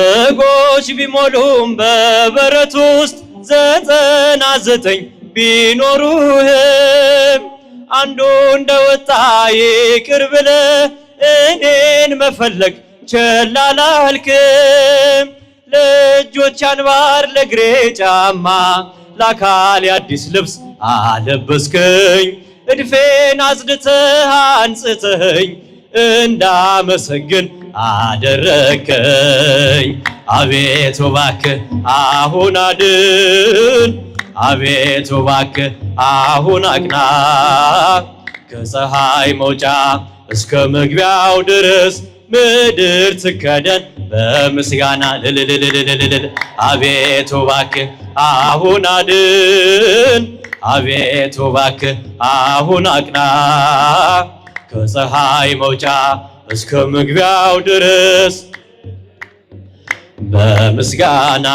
በጎች ቢሞሉም በበረት ውስጥ ዘጠና ዘጠኝ ቢኖሩህም አንዱ እንደወጣ ይቅር ብለህ እኔን መፈለግ ቸላላልክም አላልክም። ለእጆች አንባር ለእግሬ ጫማ ለአካል የአዲስ ልብስ አለበስከኝ። እድፌን አጽድተህ አንጽተኸኝ እንዳመሰግን አደረከኝ አቤቱ እባክህ አሁን አድን፣ አቤቱ እባክህ አሁን አቅና ከፀሐይ መውጫ እስከ መግቢያው ድረስ ምድር ትከደን በምስጋና ልልልልልልልል አቤቱ እባክህ አሁን አድን፣ አቤቱ እባክህ አሁን አቅና ከፀሐይ መውጫ እስከ መግቢያው ድረስ በምስጋና